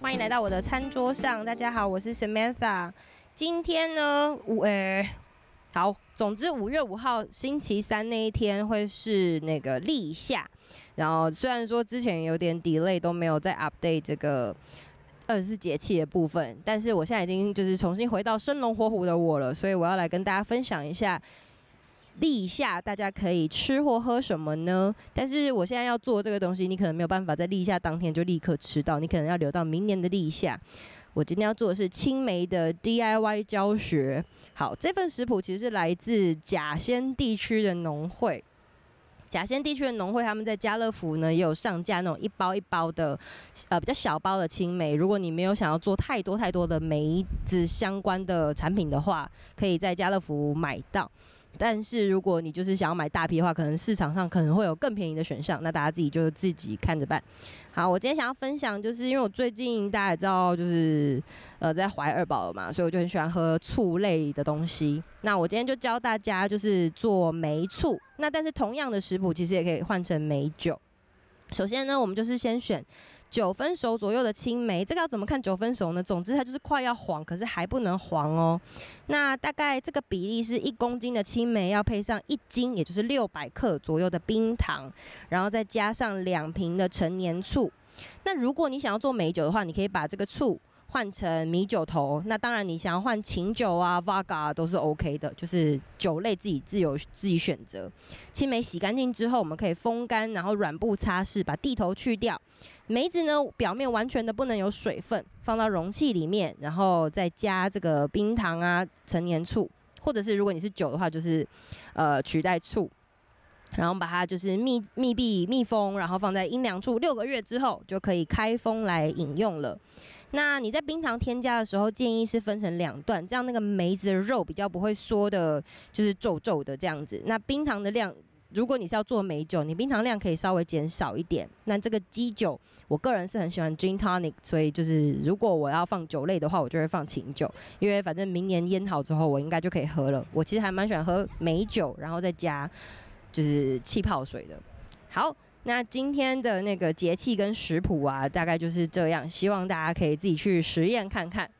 歡迎來到我的餐桌上，大家好，我是 Samantha。今天呢，五、欸、好，總之五月五號星期三那一天會是那個立夏。然後雖然說之前有點 delay，都沒有再 update 這個。二十四節氣的部分，但是我現在已經就是重新回到生龍活虎的我了，所以我要來跟大家分享一下立夏大家可以吃或喝什麼呢？但是我現在要做這個東西，你可能沒有辦法在立夏當天就立刻吃到，你可能要留到明年的立夏。我今天要做的是青梅的 DIY 教學。好，這份食譜其實是來自甲仙地區的農會。甲仙地區的農會，他們在家樂福呢，也有上架那種一包一包的，呃，比較小包的青梅。如果你沒有想要做太多太多的梅子相關的產品的話，可以在家樂福買到。但是如果你就是想要買大批的話，可能市場上可能會有更便宜的選項，那大家自己就自己看着辦。好，我今天想要分享，就是因為我最近大家也知道，就是呃在懷二寶了嘛，所以我就很喜歡喝醋類的東西。那我今天就教大家就是做梅醋，那但是同樣的食譜其實也可以換成梅酒。首先呢，我們就是先選。九分熟左右的青梅，這個要怎麼看九分熟呢？總之它就是快要黃，可是還不能黃哦。那大概這個比例是一公斤的青梅要配上一斤，也就是六百克左右的冰糖，然後再加上兩瓶的陳年醋。那如果你想要做梅酒的話，你可以把這個醋換成米酒頭。那當然，你想要換琴酒啊、Vodka 啊，都是 OK 的，就是酒類自己自由自己選擇。青梅洗乾淨之後，我們可以風乾，然後軟布擦拭，把蒂頭去掉。梅子呢，表面完全的不能有水分，放到容器裡面，然後再加這個冰糖啊、陳年醋，或者是如果你是酒的話，就是，呃，取代醋，然後把它就是密密閉、密封，然後放在陰涼處六個月之後，就可以開封來飲用了。那你在冰糖添加的時候，建議是分成兩段，這樣那個梅子的肉比較不會縮的，就是皺皺的這樣子。那冰糖的量。如果你是要做梅酒，你冰糖量可以稍微減少一點。那這個基酒，我個人是很喜歡 gin tonic，所以就是如果我要放酒類的話，我就會放琴酒，因為反正明年醃好之後，我應該就可以喝了。我其實還蠻喜歡喝梅酒，然後再加就是氣泡水的。好，那今天的那個節氣跟食譜啊，大概就是這樣，希望大家可以自己去實驗看看。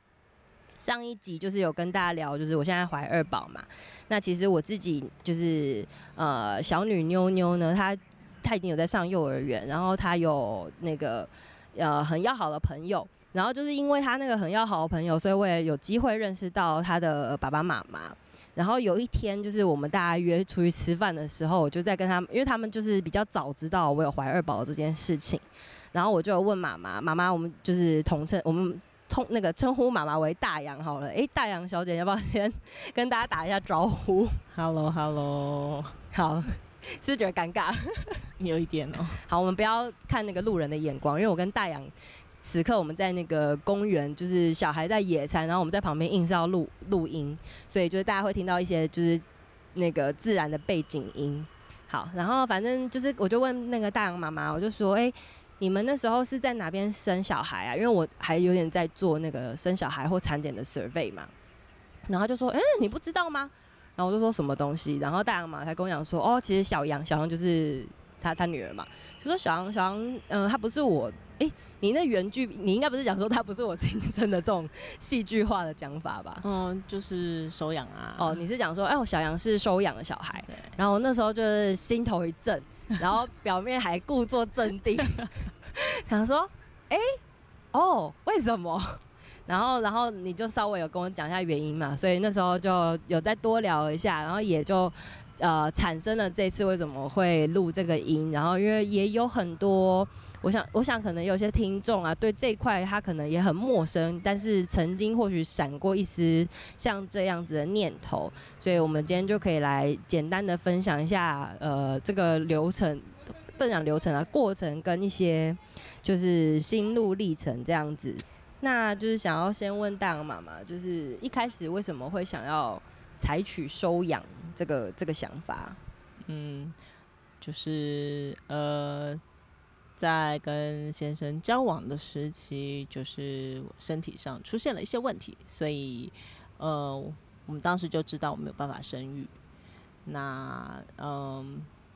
上一集就是有跟大家聊，就是我現在懷二寶嘛。那其實我自己就是呃小女妞妞呢，她她已經有在上幼兒園，然後她有那個呃很要好的朋友，然後就是因為她那個很要好的朋友，所以我也有機會認識到她的爸爸媽媽。然後有一天就是我們大家約出去吃飯的時候，我就在跟她，因為他們就是比較早知道我有懷二寶這件事情，然後我就有問媽媽媽媽，我們就是同稱我們。通那個稱呼媽媽為大羊好了，哎、欸，大羊小姐，要不要先跟大家打一下招呼？哈嘍，哈嘍，好，是不是覺得尷尬？有一點哦。好，我們不要看那個路人的眼光，因為我跟大羊此刻我們在那個公園，就是小孩在野餐，然後我們在旁邊硬是要錄錄音，所以就是大家會聽到一些就是那個自然的背景音。好，然後反正就是我就問那個大羊媽媽，我就說，哎、欸。你們那時候是在哪邊生小孩啊？因為我還有點在做那個生小孩或產檢的 survey 嘛，然後就說，嗯、欸，你不知道嗎？然後我就說什麼東西，然後大羊嘛他跟我講說，哦，其實小羊小羊就是他他女兒嘛，就說小羊小羊，嗯、呃，他不是我。哎、欸，你那原句你應該不是講說他不是我親生的這種戲劇化的講法吧？嗯、哦，就是收養啊。哦，你是講說，哎、欸，我小羊是收養的小孩。對。然後我那時候就是心頭一震，然後表面還故作鎮定， 想說，哎、欸，哦、oh,，為什麼？然後，然後你就稍微有跟我講一下原因嘛。所以那時候就有再多聊一下，然後也就。呃，產生了這次為什麼會錄這個音。然後因為也有很多，我想，我想可能有些聽眾啊，對這塊他可能也很陌生，但是曾經或許閃過一絲像這樣子的念頭，所以我們今天就可以來簡單的分享一下，呃，這個流程，分享流程啊，過程跟一些就是心路歷程這樣子。那就是想要先問大羊媽媽，就是一開始為什麼會想要？採取收養這個這個想法，嗯，就是呃，在跟先生交往的時期，就是身體上出現了一些問題，所以呃我，我們當時就知道我沒有辦法生育。那嗯、呃，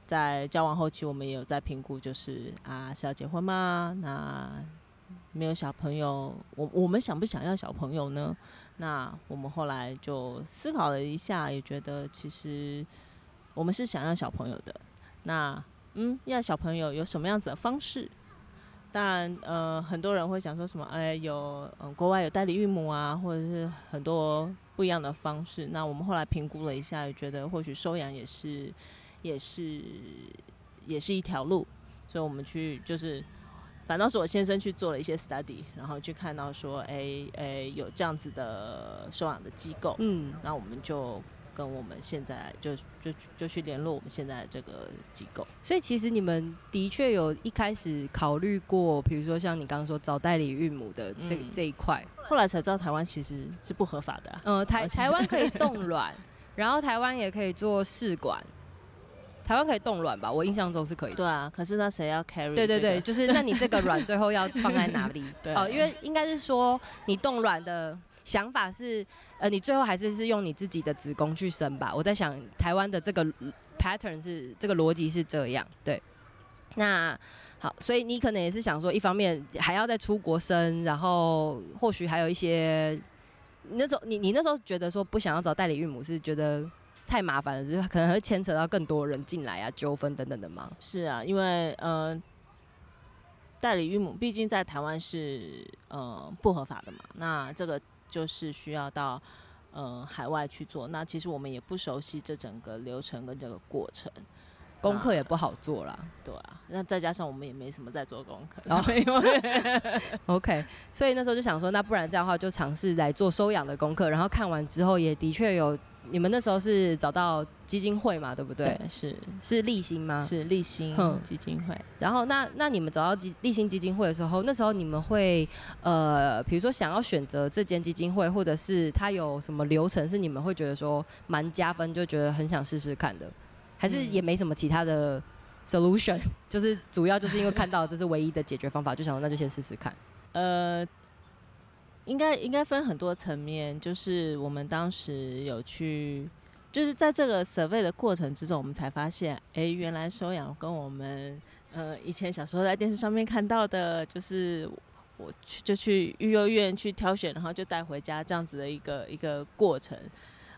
在交往後期，我們也有在評估，就是啊，是要結婚嗎？那沒有小朋友，我我們想不想要小朋友呢？那我們後來就思考了一下，也覺得其實我們是想要小朋友的。那嗯，要小朋友有什麼樣子的方式？當然，呃，很多人會想說什麼，哎，有、嗯、國外有代理孕母啊，或者是很多不一樣的方式。那我們後來評估了一下，也覺得或許收養也是也是也是一條路，所以我們去就是。反倒是我先生去做了一些 study，然後去看到說，誒誒有這樣子的收養的機構，嗯，那我們就跟我們現在就就就,就去聯絡我們現在這個機構。所以其實你們的確有一開始考慮過，比如說像你剛剛說找代理孕母的這、嗯、這一塊，後來才知道台灣其實是不合法的、啊。嗯，台而且 台灣可以凍卵， 然後台灣也可以做試管。台灣可以凍卵吧？我印象中是可以的。對啊，可是那誰要 carry？對對對，這個、就是那你這個卵最後要放在哪裡？哦 對、喔，因為應該是說你凍卵的想法是，呃，你最後還是是用你自己的子宮去生吧。我在想台灣的這個 pattern 是這個邏輯是這樣。對，那好，所以你可能也是想說，一方面還要再出國生，然後或許還有一些那時候你你那時候覺得說不想要找代理孕母是覺得。太麻煩了，是是，就是可能會牽扯到更多人進來啊，糾紛等等的嘛。是啊，因為呃，代理孕母畢竟在台灣是嗯、呃、不合法的嘛，那這個就是需要到呃海外去做。那其實我們也不熟悉這整個流程跟這個過程，那功課也不好做啦。對啊，那再加上我們也沒什麼在做功課，所以 OK。所以那時候就想說，那不然這樣的話就嘗試來做收養的功課，然後看完之後也的確有。你們那時候是找到基金會嘛，對不對？對，是，是立新嗎？是立新基金會。嗯、然後那那你們找到基立新基金會的時候，那時候你們會呃，比如說想要選擇這間基金會，或者是它有什麼流程是你們會覺得說蠻加分，就覺得很想試試看的，還是也沒什麼其他的 solution，、嗯、 就是主要就是因為看到這是唯一的解決方法， 就想說那就先試試看。呃。應該應該分很多層面，就是我們當時有去，就是在這個 survey 的過程之中，我們才發現，哎、欸，原來收養跟我們呃以前小時候在電視上面看到的，就是我去就去育幼院去挑選，然後就帶回家這樣子的一個一個過程，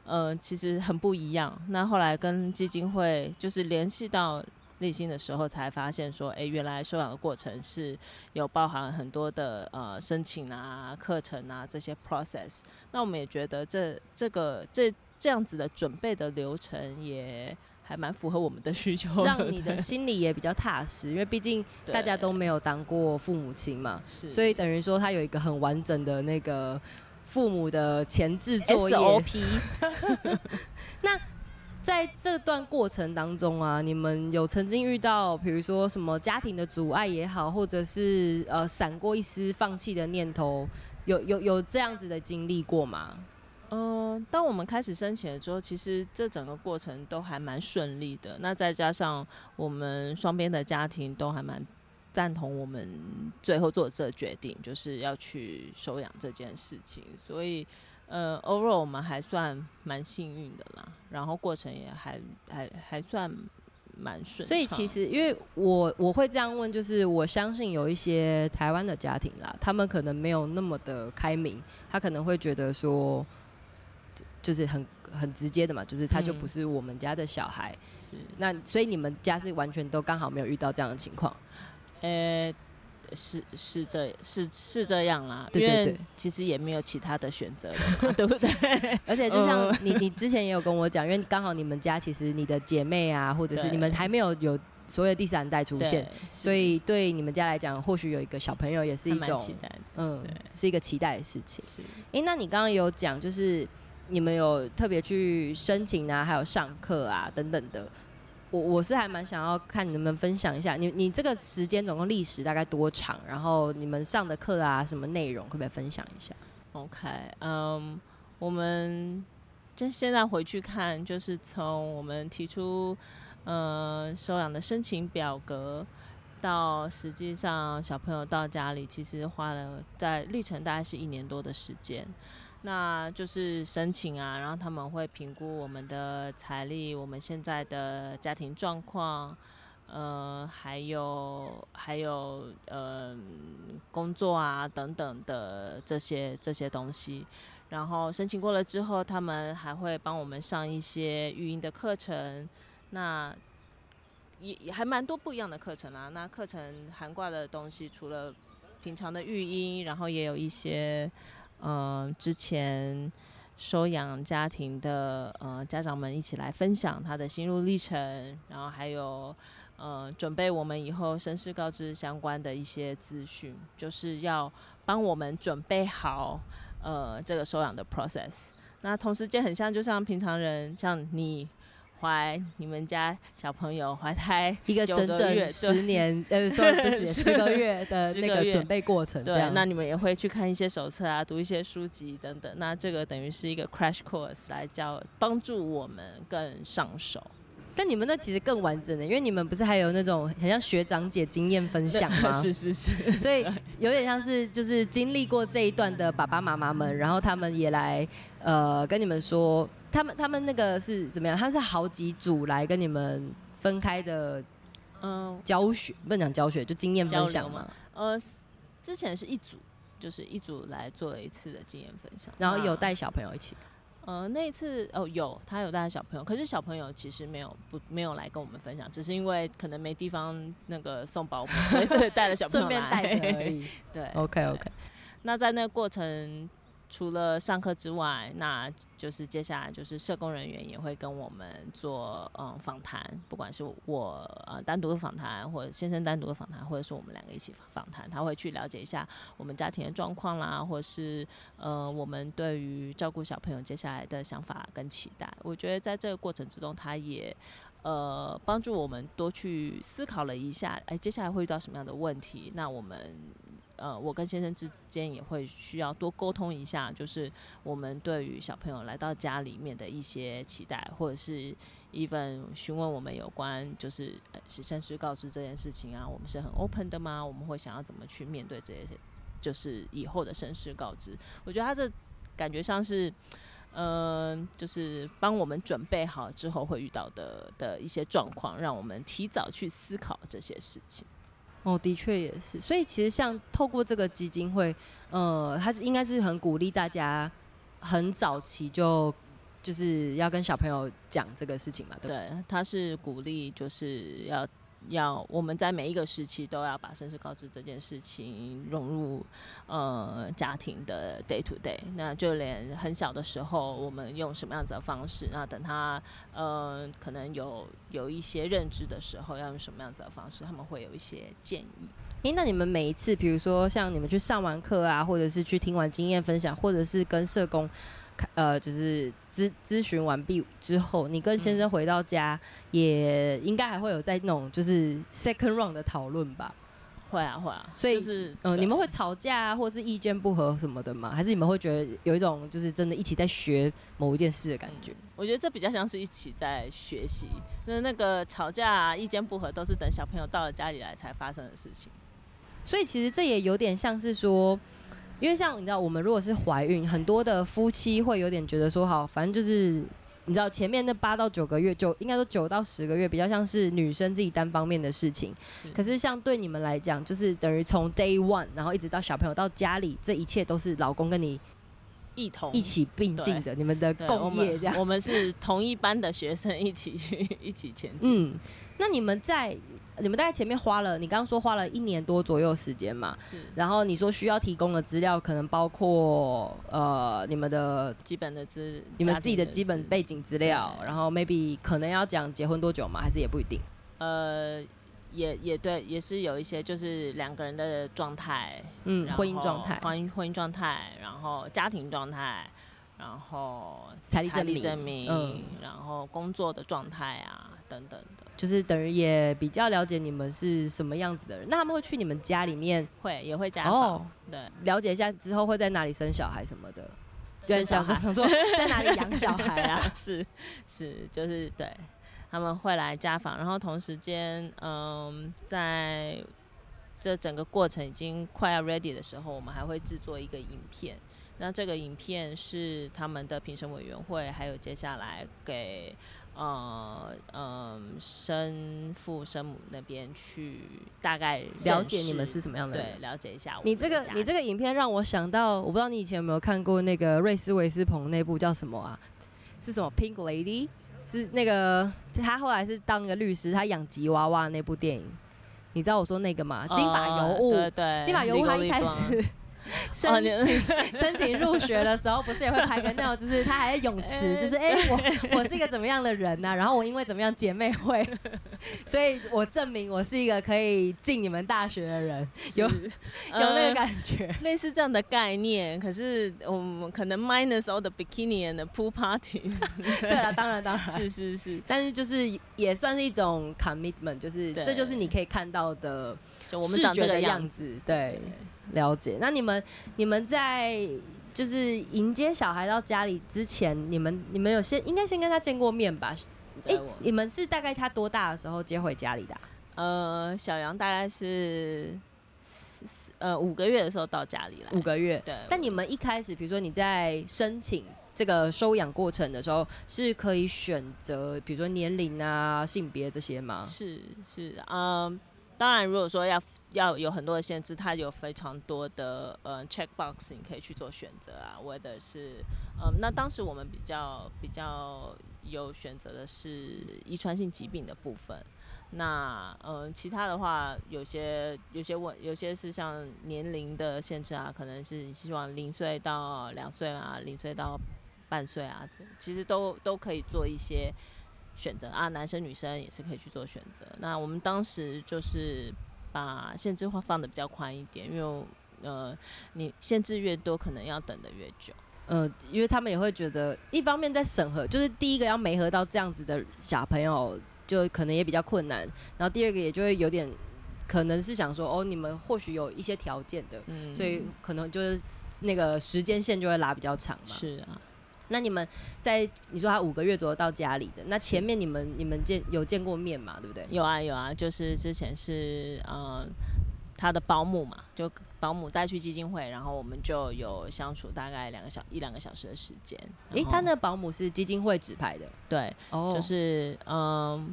嗯、呃，其實很不一樣。那後來跟基金會就是聯繫到，內心的時候才發現說，哎、欸，原來收養的過程是有包含很多的呃申請啊、課程啊這些 process。那我們也覺得這這個這這樣子的準備的流程也還蠻符合我們的需求的，讓你的心裡也比較踏實，因為畢竟大家都沒有當過父母親嘛，對對對，所以等於說他有一個很完整的那個父母的前置作業。S.O.P. 在這段過程當中啊，你們有曾經遇到，比如說什麼家庭的阻礙也好，或者是呃閃過一絲放棄的念頭，有有有這樣子的經歷過嗎？嗯、呃，當我們開始申請的時候，其實這整個過程都還蠻順利的。那再加上我們雙邊的家庭都還蠻贊同我們最後做的這個決定，就是要去收養這件事情，所以。呃，overall 我們還算蠻幸運的啦，然後過程也還還還算蠻順。所以其實因為我我會這樣問，就是我相信有一些台灣的家庭啦，他們可能沒有那麼的開明，他可能會覺得說，就是很很直接的嘛，就是他就不是我們家的小孩。嗯、是那所以你們家是完全都剛好沒有遇到這樣的情況。呃、欸。是是這，是是這樣啦，對,對,對，對，其實也沒有其他的選擇了， 對不對？而且就像你，嗯、你之前也有跟我講，因為剛好你們家其實你的姐妹啊，或者是你們還沒有有所有第三代出現，所以對你們家來講，或許有一個小朋友也是一種期待，對嗯，是一個期待的事情。哎是、欸，那你剛剛有講，就是你們有特別去申請啊，還有上課啊等等的。我我是還蠻想要看你們分享一下，你你這個時間總共歷時大概多長？然後你們上的課啊，什麼內容，可不可以分享一下？OK，嗯、um，我們就現在回去看，就是從我們提出嗯、呃、收養的申請表格，到實際上小朋友到家裡，其實花了在歷程大概是一年多的時間。那就是申請啊，然後他們會評估我們的財力、我們現在的家庭狀況，呃，還有還有呃工作啊等等的這些這些東西。然後申請過了之後，他們還會幫我們上一些育嬰的課程，那也也還蠻多不一樣的課程啦。那課程涵蓋的東西，除了平常的育嬰，然後也有一些。嗯、呃，之前收養家庭的呃家長們一起來分享他的心路歷程，然後還有呃準備我們以後身世告知相關的一些資訊，就是要幫我們準備好呃這個收養的 process。那同時間很像，就像平常人，像你。懷你們家小朋友懷胎個一個整整十年對呃，說是 是十個月的那個準備過程，這樣對那你們也會去看一些手冊啊，讀一些書籍等等，那這個等於是一個 crash course 來教，幫助我們更上手。但你們那其實更完整的、欸，因為你們不是還有那種很像學長姐經驗分享嗎？ 是是是，所以有點像是就是經歷過這一段的爸爸媽媽們，然後他們也來呃跟你們說。他們他們那個是怎麼樣？他們是好幾組來跟你們分開的，嗯，教學不能講教學，就經驗分享嘛嗎。呃，之前是一組，就是一組來做了一次的經驗分享，然後有帶小朋友一起。啊、呃，那一次哦有，他有帶小朋友，可是小朋友其實沒有不沒有來跟我們分享，只是因為可能沒地方那個送保姆，對，帶了小朋友順便帶而已。對，OK OK 對。那在那個過程。除了上課之外，那就是接下來就是社工人員也會跟我們做嗯、訪談，不管是我呃單獨的訪談，或者先生單獨的訪談，或者是我們兩個一起訪談，他會去了解一下我們家庭的狀況啦，或者是呃我們對於照顧小朋友接下來的想法跟期待。我覺得在這個過程之中，他也呃幫助我們多去思考了一下，哎、欸，接下來會遇到什麼樣的問題？那我們。呃，我跟先生之間也會需要多溝通一下，就是我們對於小朋友來到家裡面的一些期待，或者是一份詢問我們有關就是呃、身世告知這件事情啊，我們是很 open 的嗎？我們會想要怎麼去面對這些，就是以後的身世告知？我覺得他這感覺上是，嗯、呃，就是幫我們準備好之後會遇到的的一些狀況，讓我們提早去思考這些事情。哦，的確也是，所以其實像透過這個基金會，呃，他應該是很鼓勵大家很早期就就是要跟小朋友講這個事情嘛，對不對？對，他是鼓勵就是要。要我們在每一個時期都要把身世告知這件事情融入呃家庭的 day to day，那就連很小的時候，我們用什麼樣子的方式，那等他呃可能有有一些認知的時候，要用什麼樣子的方式，他們會有一些建議。誒、欸，那你們每一次，比如說像你們去上完課啊，或者是去聽完經驗分享，或者是跟社工，呃，就是諮諮詢完畢之後，你跟先生回到家，也應該還會有在那種就是 second round 的討論吧？會啊，會啊。所以、就是嗯，呃、對，你們會吵架或是意見不合什麼的嗎？還是你們會覺得有一種就是真的一起在學某一件事的感覺？我覺得這比較像是一起在學習。那那個吵架、啊、意見不合都是等小朋友到了家裡來才發生的事情。所以其實這也有點像是說。因為像你知道，我們如果是懷孕，很多的夫妻會有點覺得說，好，反正就是，你知道前面那八到九個月，就應該說九到十個月，比較像是女生自己單方面的事情。是，可是像對你們來講，就是等於從 day one，然後一直到小朋友到家裡，這一切都是老公跟你一同一起並進的，一同，你們的共業這樣我。我們是同一班的學生一，一起去一起前進。嗯，那你們在。你們大概前面花了，你剛剛說花了一年多左右時間嘛，是然後你說需要提供的資料，可能包括呃，你們的基本的資，你們自己的基本背景資料，然後 maybe 可能要講結婚多久嘛，還是也不一定。呃，也也對，也是有一些就是兩個人的狀態，嗯，後婚姻狀態，婚姻婚姻狀態，然後家庭狀態。然後財力證明，證明嗯，然後工作的狀態啊，等等的，就是等於也比較了解你們是什麼樣子的人。那他們會去你們家裡面，會也會家訪，哦、對，了解一下之後會在哪裡生小孩什麼的，生小孩，對生小孩在哪裡養小孩啊？ 是是，就是對，他們會來家訪，然後同時間，嗯，在這整個過程已經快要 ready 的時候，我們還會制作一個影片。那這個影片是他們的評審委員會，還有接下來給呃嗯、呃、生父生母那邊去大概了解你們是什麼樣的人，對，了解一下我。你這個你這個影片讓我想到，我不知道你以前有沒有看過那個瑞斯維斯朋那部叫什麼啊，是什麼 Pink Lady？是那個他後來是當一個律師，他養吉娃娃那部電影，你知道我說那個嗎？金髮尤物，哦、對對金髮尤物他一開始立光立光。申請、oh, no. 申請入學的時候，不是也會拍個那種， 就是他還在泳池，欸、就是哎、欸，我我是一個怎麼樣的人啊？然後我因為怎麼樣姐妹會， 所以我證明我是一個可以進你們大學的人，是有、呃、有那個感覺，類似這樣的概念。可是我們可能 minus all the bikini and the pool party 對。對啊，當然當然，是是是，但是就是也算是一種 commitment，就是這就是你可以看到的，的就我們長這個樣子，對。了解，那你們你們在就是迎接小孩到家裡之前，你們你們有先應該先跟他見過面吧？哎，你們是大概他多大的時候接回家裡的啊？呃，小羊大概是四、呃五個月的時候到家裡來。五個月，對。但你們一開始，比如說你在申請這個收養過程的時候，是可以選擇，比如說年齡啊、性別這些嗎？是是，嗯。呃當然，如果說要要有很多的限制，它有非常多的呃 check box，你可以去做選擇啊。或者是，嗯、呃，那當時我們比較比較有選擇的是遺傳性疾病的部分。那嗯、呃，其他的話有些有些問，有些是像年齡的限制啊，可能是希望零歲到兩歲啊，零歲到半歲啊，這其實都都可以做一些。選擇啊，男生女生也是可以去做選擇。那我們當時就是把限制化，放得比較寬一點，因為呃，你限制越多，可能要等得越久。嗯、呃，因為他們也會覺得，一方面在審核，就是第一個要媒合到這樣子的小朋友，就可能也比較困難。然後第二個也就會有點，可能是想說，哦，你們或許有一些條件的，嗯、所以可能就是那個時間線就會拉比較長嘛。是啊。那你們在你說他五個月左右到家裡的，那前面你們你們見有見過面嗎？對不對？有啊有啊，就是之前是嗯、呃，他的保姆嘛，就保姆帶去基金會，然後我們就有相處大概兩個小一兩個小時的時間。誒、欸，他那保姆是基金會指派的，對，oh. 就是嗯、呃、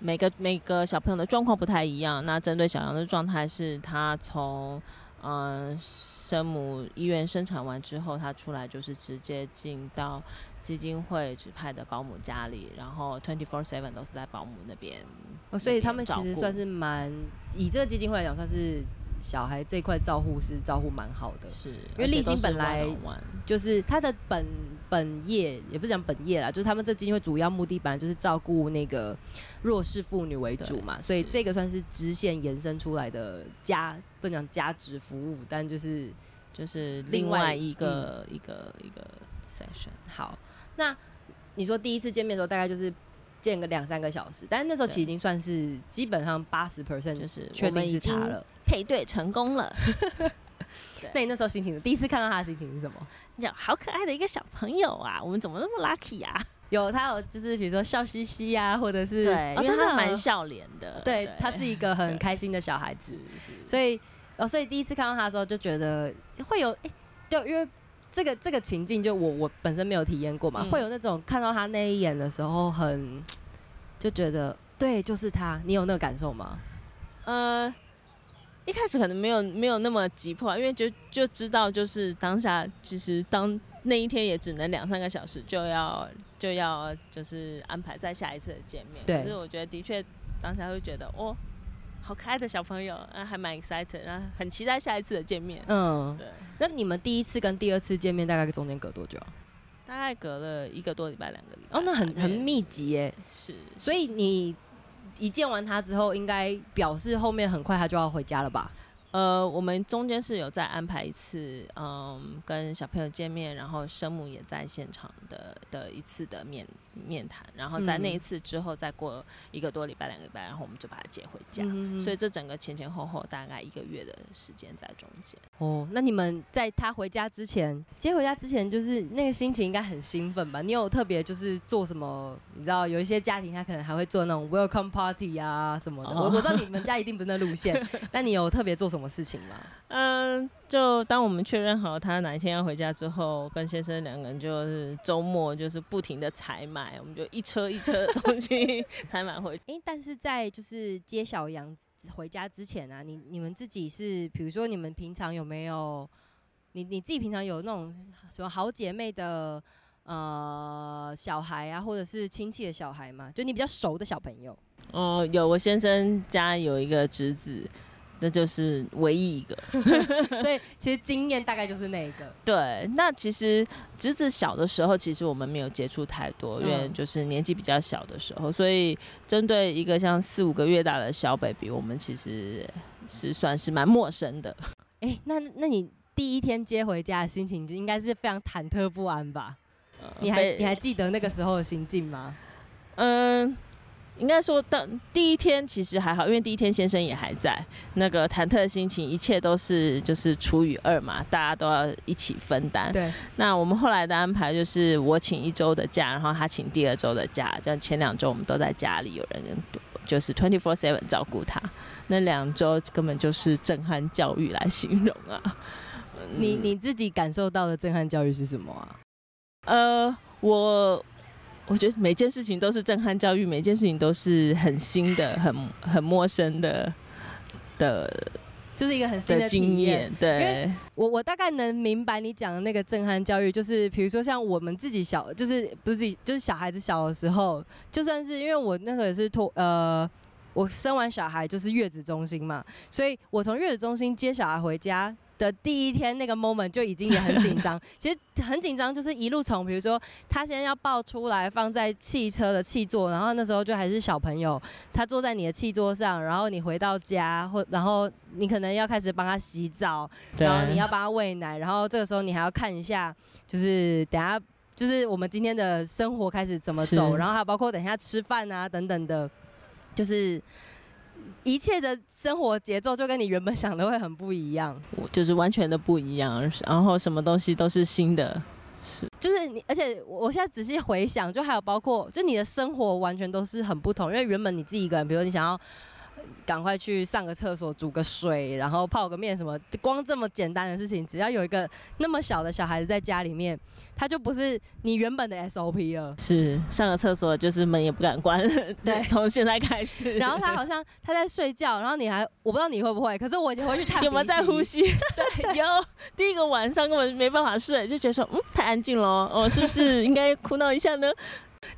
每個每個小朋友的狀況不太一樣，那針對小羊的狀態是他從。嗯，生母醫院生產完之後，她出來就是直接進到基金會指派的保姆家裡，然後 twenty four seven 都是在保姆那邊。哦，所以他們其實算是蠻，嗯，以這個基金會來講算是。小孩這塊照顧是照顧蠻好的，是因為勵馨本來就是他的本本業，也不是講本業啦，就是他們這基金會主要目的本來就是照顧那個弱勢婦女為主嘛，所以這個算是支線延伸出來的加，不能講加值服務，但就是就是另外一個外、嗯、一個一個 section。好，那你說第一次見面的時候，大概就是。見個兩三個小時，但是那時候其實已經算是基本上八十 percent，就是確定自查了，配對成功了。 對那你那時候心情，第一次看到他的心情是什麼？講好可愛的一個小朋友啊，我們怎麼那麼 lucky 啊？有他有就是比如說笑嘻嘻啊，或者是對他蠻笑臉的，對，對他是一個很開心的小孩子，所以哦，所以第一次看到他的時候就覺得會有哎、欸，就因為。這個這個情境就我我本身沒有體驗過嘛，嗯、會有那種看到他那一眼的時候很，很就覺得對，就是他，你有那個感受嗎？呃，一開始可能沒有沒有那麼急迫，因為就就知道就是當下，其實當那一天也只能兩三個小時，就要就要就是安排在下一次的見面。對可是我覺得的確，當下會覺得哦。好可愛的小朋友，啊，還蠻 excited，啊，很期待下一次的見面。嗯，對。那你們第一次跟第二次見面大概中間隔多久啊？大概隔了一個多禮拜，兩個禮拜。哦，那很很密集耶。是。所以你一見完他之後，應該表示後面很快他就要回家了吧？呃，我們中間是有再安排一次，嗯，跟小朋友見面，然後生母也在現場的的一次的面。面談，然後在那一次之後，再過一個多禮拜，兩個禮拜，然後我們就把他接回家。嗯嗯嗯，所以這整個前前後後大概一個月的時間在中間。哦，那你們在他回家之前，接回家之前，就是那個心情應該很興奮吧？你有特別就是做什麼？你知道有一些家庭他可能還會做那種 welcome party 啊什麼的。哦，我我知道你們家一定不是那路線， 但你有特別做什麼事情嗎？嗯。就當我們確認好他哪一天要回家之後，跟先生兩個人就是週末就是不停的採買，我們就一車一車的東西採 買回去。欸，但是在就是接小楊回家之前啊，你你們自己是比如說你們平常有沒有你你自己平常有那種什麼好姐妹的呃小孩啊，或者是親戚的小孩嗎？就你比較熟的小朋友？哦，有，我先生家有一個侄子。這就是唯一一個， 所以其實經驗大概就是那個。 對，那其實侄子小的時候，其實我們沒有接觸太多，嗯、因為就是年紀比較小的時候，所以針對一個像四五個月大的小 baby，我們其實是算是蠻陌生的，欸。那那你第一天接回家的心情，就應該是非常忐忑不安吧？你還你還記得那個時候的心境嗎？嗯。應該說，到第一天其實還好，因為第一天先生也還在，那個忐忑的心情，一切都是就是除以二嘛，大家都要一起分擔。對。那我們後來的安排就是我請一周的假，然後他請第二周的假，這樣前兩周我們都在家裡，有人就是 twenty four seven 照顧他。那兩周根本就是震撼教育來形容啊！你你自己感受到的震撼教育是什麼啊？呃，我。我覺得每件事情都是震撼教育，每件事情都是很新的、很很陌生的的，就是一個很新的體驗的經驗。對，因為我我大概能明白你講的那個震撼教育，就是比如說像我們自己小，就是不是自己，就是小孩子小的時候，就算是因為我那時候也是托呃，我生完小孩就是月子中心嘛，所以我從月子中心接小孩回家，的第一天那個 moment 就已經也很緊張， 其實很緊張，就是一路從，比如說他先要抱出來放在汽車的汽座，然後那時候就還是小朋友，他坐在你的汽座上，然後你回到家或然後你可能要開始幫他洗澡，然後你要幫他餵奶，然後這個時候你還要看一下，就是等下就是我們今天的生活開始怎麼走，是然後還包括等一下吃飯啊等等的，就是。一切的生活節奏就跟你原本想的會很不一樣，我就是完全的不一樣，然後什麼東西都是新的，是，就是你，而且我現在仔細回想，就還有包括，就你的生活完全都是很不同，因為原本你自己一個人，比如你想要。趕快去上個廁所，煮個水，然後泡個麵什麼？光這麼簡單的事情，只要有一個那麼小的小孩子在家裡面，他就不是你原本的 SOP 了。是上個廁所就是門也不敢關。對，從現在開始。然後他好像他在睡覺，然後你還我不知道你會不會，可是我已經回去有沒有在呼吸？ 對，後有 第一個晚上根本沒辦法睡，就覺得說嗯太安靜了，哦是不是應該哭鬧一下呢？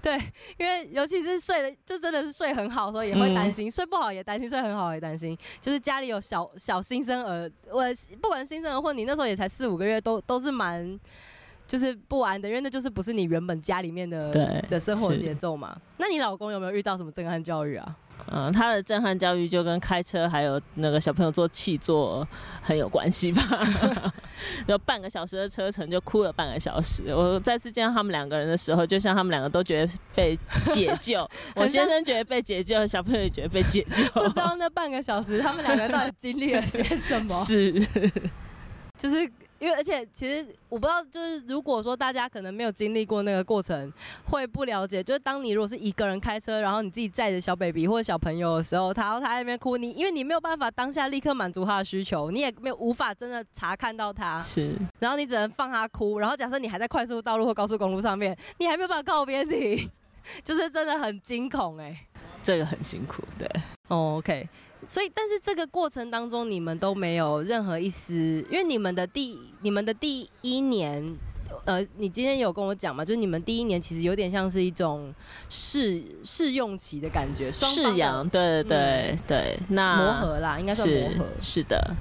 對，因為尤其是睡的，就真的是睡很好，所以也會擔心，嗯、睡不好也擔心，睡很好也擔心。就是家裡有小小新生兒，我不管新生兒或你那時候也才四五個月，都都是蠻就是不安的，因為那就是不是你原本家裡面的對的生活節奏嘛。的那你老公有沒有遇到什麼震撼教育啊？嗯，他的震撼教育就跟開車，還有那個小朋友坐汽座很有關係吧？有 半個小時的車程，就哭了半個小時。我再次見到他們兩個人的時候，就像他們兩個都覺得被解救， 像我先生覺得被解救，小朋友也覺得被解救。 不知道那半個小時他們兩個到底經歷了些什麼？ 是。 就是因為，而且其實我不知道，就是如果說大家可能沒有經歷過那個過程，會不了解。就是當你如果是一個人開車，然後你自己載着小 baby 或者小朋友的時候，他然後他在那邊哭，你因為你沒有辦法當下立刻滿足他的需求，你也沒有無法真的查看到他，是，然後你只能放他哭。然後假設你還在快速道路或高速公路上面，你還沒有辦法靠邊停，就是真的很驚恐哎、欸。這個很辛苦，對。哦、oh，OK。所以，但是這個過程當中，你們都沒有任何一絲，因為你們的第、你們的第一年，呃，你今天有跟我講嘛？就是你們第一年其實有點像是一種試試用期的感覺，試養，對對對、嗯、對。那磨合啦，應該算磨合。是、是的，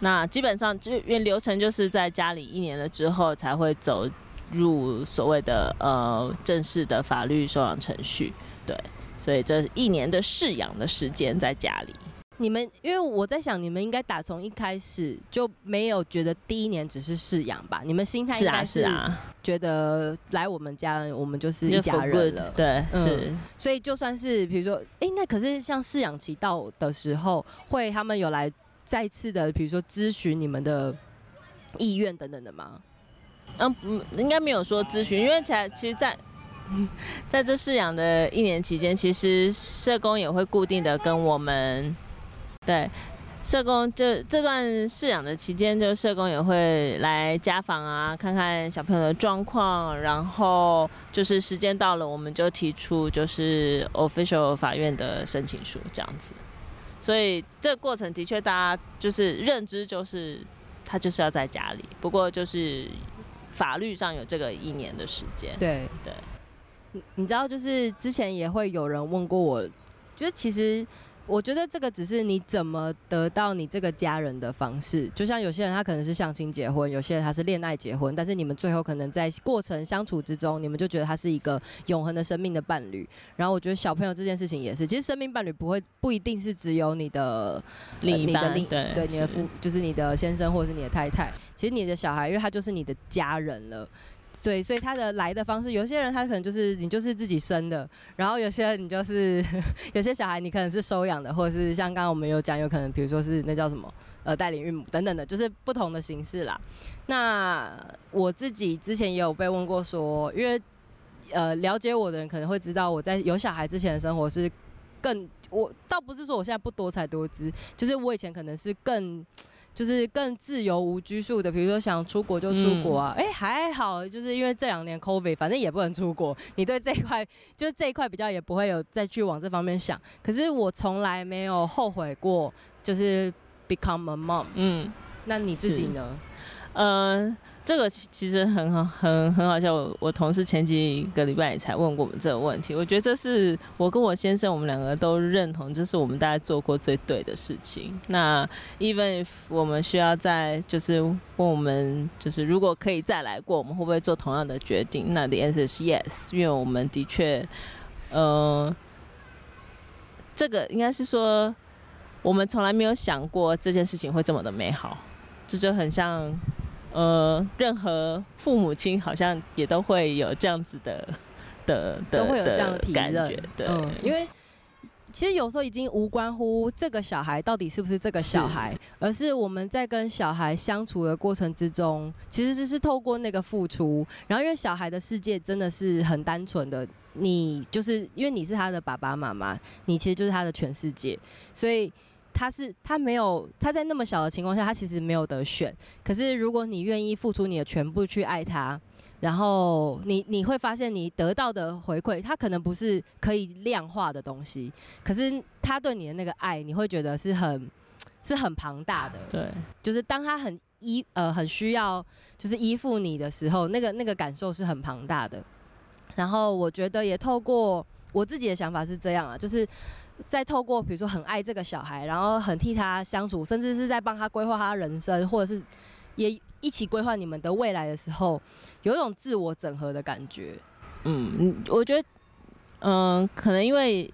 那基本上就因為流程就是在家裡一年了之後，才會走入所謂的呃正式的法律收養程序，對。所以這是一年的試養的時間在家裡，你們，因為我在想，你們應該打從一開始就沒有覺得第一年只是試養吧？你們心態是啊是啊，是啊覺得來我們家我們就是一家人了 good, 對，嗯、是。所以就算是比如說，哎、欸，那可是像試養期到的時候，會他們有來再次的，比如說諮詢你們的意願等等的嗎？嗯嗯，應該沒有說諮詢，因為才其實，在。 在這試養的一年期間，其實社工也會固定的跟我們，對，社工這這段試養的期間，就社工也會來家訪啊，看看小朋友的狀況，然後就是時間到了，我們就提出就是 official 法院的申請書這樣子。所以這個過程的確，大家就是認知就是他就是要在家裡，不過就是法律上有這個一年的時間，對對。對你知道，就是之前也會有人問過我，就是其實，我覺得這個只是你怎麼得到你這個家人的方式。就像有些人他可能是相親結婚，有些人他是戀愛結婚，但是你們最後可能在過程相處之中，你們就覺得他是一個永恆的生命的伴侶。然後我覺得小朋友這件事情也是，其實生命伴侶不會不一定是只有你的另一半，對、呃、班、對，對是、你的父，就是你的先生或者是你的太太。其實你的小孩，因為他就是你的家人了。對，所以他的來的方式，有些人他可能就是你就是自己生的，然後有些人你就是有些小孩你可能是收養的，或者是像剛剛我們有講，有可能比如說是那叫什麼呃代理孕母等等的，就是不同的形式啦。那我自己之前也有被問過說，因為呃了解我的人可能會知道我在有小孩之前的生活是更，我倒不是說我現在不多才多姿，就是我以前可能是更。就是更自由無拘束的，比如說想出國就出國啊，哎、嗯欸、還好，就是因為這兩年 COVID，反正也不能出國。你對這一塊，就是這一塊比較也不會有再去往這方面想。可是我從來沒有後悔過，就是 become a mom。嗯，那你自己呢？嗯。呃這個其實很好，很很好笑我。我同事前幾個禮拜也才問過我們這個問題。我覺得這是我跟我先生，我們兩個都認同，這是我們大家做過最對的事情。那 even if 我們需要再就是問我們，就是如果可以再來過，我們會不會做同樣的決定？那 the answer is yes，因為我們的確，呃，這個應該是說，我們從來沒有想過這件事情會這麼的美好。這就，就很像。呃，任何父母親好像也都會有這樣子的的，的都會有這樣的體認，感覺，對，嗯，因為其實有時候已經無關乎這個小孩到底是不是這個小孩，是，而是我們在跟小孩相處的過程之中，其實是透過那個付出，然後因為小孩的世界真的是很單純的，你就是因為你是他的爸爸媽媽，你其實就是他的全世界，所以。他是，他沒有。他在那麼小的情況下，他其實沒有得選。可是如果你願意付出你的全部去愛他，然後你你會發現你得到的回饋，他可能不是可以量化的東西。可是他對你的那個愛，你會覺得是很是很龐大的。對，就是當他很依呃很需要，就是依附你的時候，那個那個感受是很龐大的。然後我覺得也透過我自己的想法是這樣啊，就是。再透過比如說很愛這個小孩，然後很替他相處，甚至是在幫他規劃他人生，或者是也一起規劃你們的未來的時候，有一種自我整合的感覺。嗯，我覺得，嗯、呃，可能因為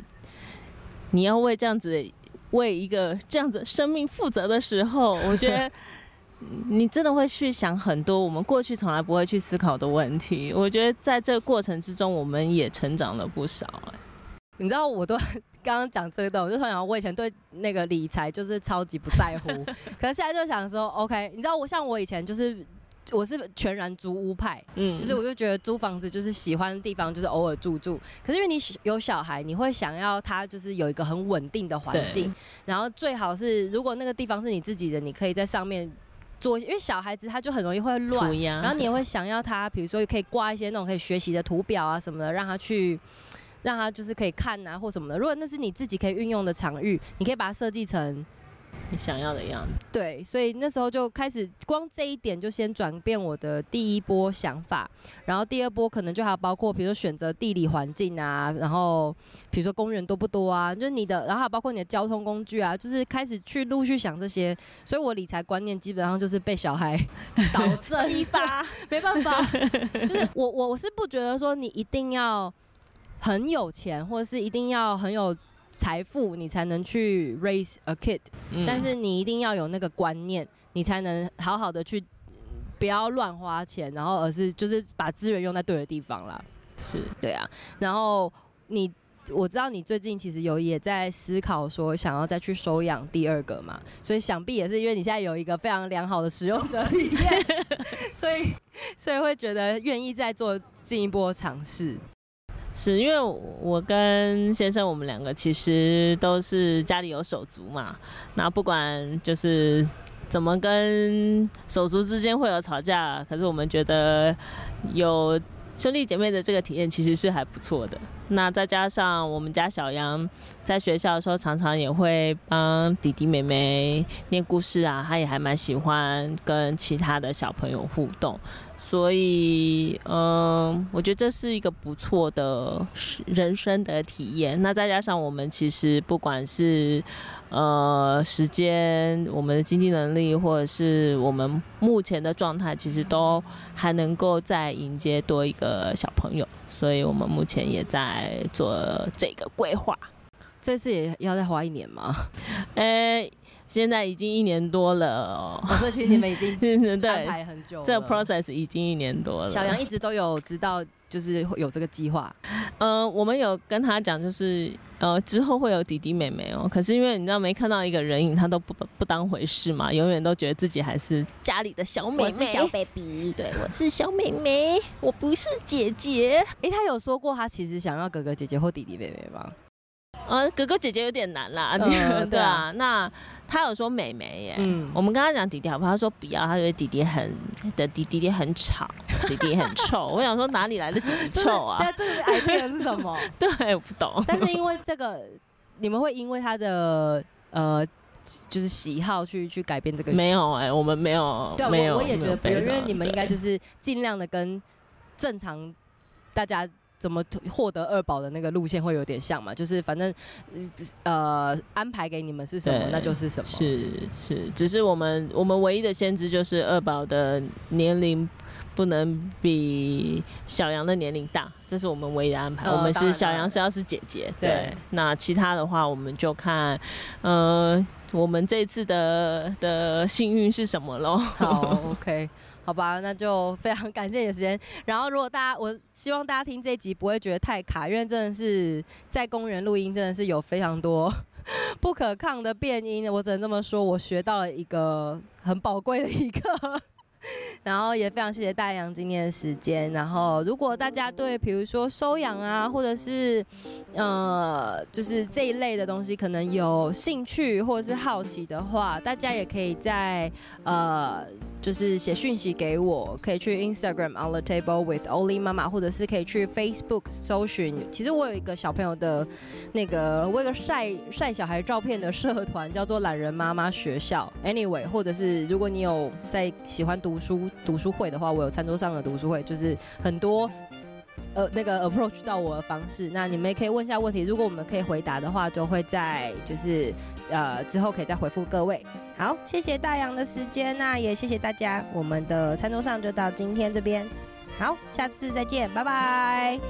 你要為這樣子為一個這樣子生命負責的時候，我覺得你真的會去想很多我們過去從來不會去思考的問題。我覺得在這個過程之中，我們也成長了不少、欸。哎，你知道我都很。剛剛講這個的，我就突然想，我以前對那個理財就是超級不在乎， 可是現在就想說，OK，你知道我像我以前就是我是全然租屋派，嗯，就是我就覺得租房子，就是喜歡的地方就是偶爾住住，可是因為你有小孩，你會想要他就是有一個很穩定的環境，對然後最好是如果那個地方是你自己的，你可以在上面做，因為小孩子他就很容易會亂，鴨然後你也會想要他，比如說可以掛一些那種可以學習的圖表啊什麼的，讓他去。讓他就是可以看啊，或什麼的。如果那是你自己可以運用的場域，你可以把它設計成你想要的樣子。對，所以那時候就開始光這一點就先轉變我的第一波想法，然後第二波可能就還有包括，比如說選擇地理環境啊，然後比如說公園多不多啊，就是你的，然後還有包括你的交通工具啊，就是開始去陸續想這些。所以我理財觀念基本上就是被小孩 導致激發， 沒辦法，就是我我我是不覺得說你一定要。很有錢，或者是一定要很有財富，你才能去 raise a kid，嗯。但是你一定要有那個觀念，你才能好好的去，不要亂花錢，然後而是就是把資源用在對的地方啦。是對啊。然後你，我知道你最近其實有也在思考，說想要再去收養第二個嘛。所以想必也是因為你現在有一個非常良好的使用者體驗， Yeah 所以所以會覺得願意再做進一步嘗試。是因為我跟先生，我們兩個其實都是家裡有手足嘛。那不管就是怎麼跟手足之間會有吵架，可是我們覺得有兄弟姐妹的這個體驗其實是還不錯的。那再加上我們家小楊在學校的時候，常常也會幫弟弟妹妹念故事啊，他也還蠻喜歡跟其他的小朋友互動。所以，嗯，我覺得這是一個不錯的人生的體驗。那再加上我們其實不管是，呃，時間、我們的經濟能力，或者是我們目前的狀態，其實都還能夠再迎接多一個小朋友。所以我們目前也在做這個規劃。這次也要再花一年嗎？誒、欸。現在已經一年多了，喔哦，我說其實你們已經安排很久了， 這個、process 已經一年多了。小楊一直都有知道，就是有這個計劃。呃，我們有跟他講，就是呃之後會有弟弟妹妹哦、喔。可是因為你知道沒看到一個人影，他都不不當回事嘛，永遠都覺得自己還是家裡的小妹妹。小 baby，對，我是小妹妹，我不是姐姐。哎、欸，他有說過他其實想要哥哥姐姐或弟弟妹妹嗎？呃，哥哥姐姐有點難啦，嗯、 對啊，對啊，那他有說妹妹耶，嗯、我們跟他講弟弟好不好？他說不要，他覺得弟弟很的弟弟很吵， 弟弟很臭。 我想說哪裡來的弟弟臭啊？那這是 idea 是什麼？ 對，我不懂。但是因為這個，你們會因為他的呃，就是喜好去去改變這個？沒有哎、欸，我們沒有。對、啊，我我也覺得，沒有因為你們應該就是儘量的跟正常大家。怎麼獲得二寶的那個路線會有點像嘛，就是反正呃，安排給你們是什麼，對那就是什麼。是是，只是我們我們唯一的限制，就是二寶的年齡不能比小羊的年齡大，這是我們唯一的安排。呃、我們是小羊是要是姐姐，然對。對那其他的話我們就看，呃，我們這次的的幸運是什麼嘍？好，OK。 好吧，那就非常感謝你的時間。然後，如果大家，我希望大家聽這集不會覺得太卡，因為真的是在公園錄音，真的是有非常多不可抗的變音。我只能這麼說，我學到了一個很寶貴的一個，然後也非常謝謝大羊今天的時間。然後，如果大家對比如說收養啊，或者是呃，就是這一類的東西，可能有興趣或者是好奇的話，大家也可以在呃。就是寫訊息給我，可以去 Instagram on the table with Oli 媽媽，或者是可以去 Facebook 搜尋。其實我有一個小朋友的，那個我有個曬曬小孩照片的社團，叫做欖仁媽媽學校。Anyway，或者是如果你有在喜歡讀書讀書會的話，我有餐桌上的讀書會，就是很多。呃，那個 approach 到我的方式，那你們也可以問一下問題，如果我們可以回答的話，就會在就是呃之後可以再回覆各位。好，謝謝大羊的時間啊，那也謝謝大家，我們的餐桌上就到今天這邊，好，下次再見，拜拜。